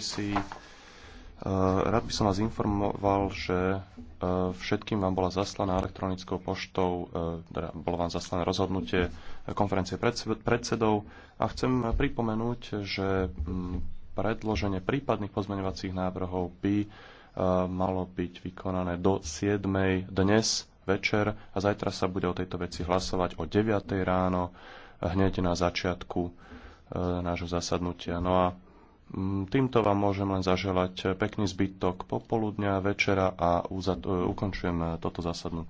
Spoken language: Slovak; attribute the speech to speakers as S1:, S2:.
S1: zápisy. Eh, rád by som vás informoval, že eh, všetkým vám bola zaslaná elektronickou poštou, eh, teda bolo vám zaslané rozhodnutie konferencie predsedov a chcem pripomenúť, že mm, predloženie prípadných pozmeňovacích návrhov by malo byť vykonané do 7. dnes večer a zajtra sa bude o tejto veci hlasovať o 9. ráno hneď na začiatku nášho zasadnutia. No a Mm, týmto vám môžem len zaželať pekný zbytok popoludňa, večera a e, ukončujem
S2: toto zasadnutie.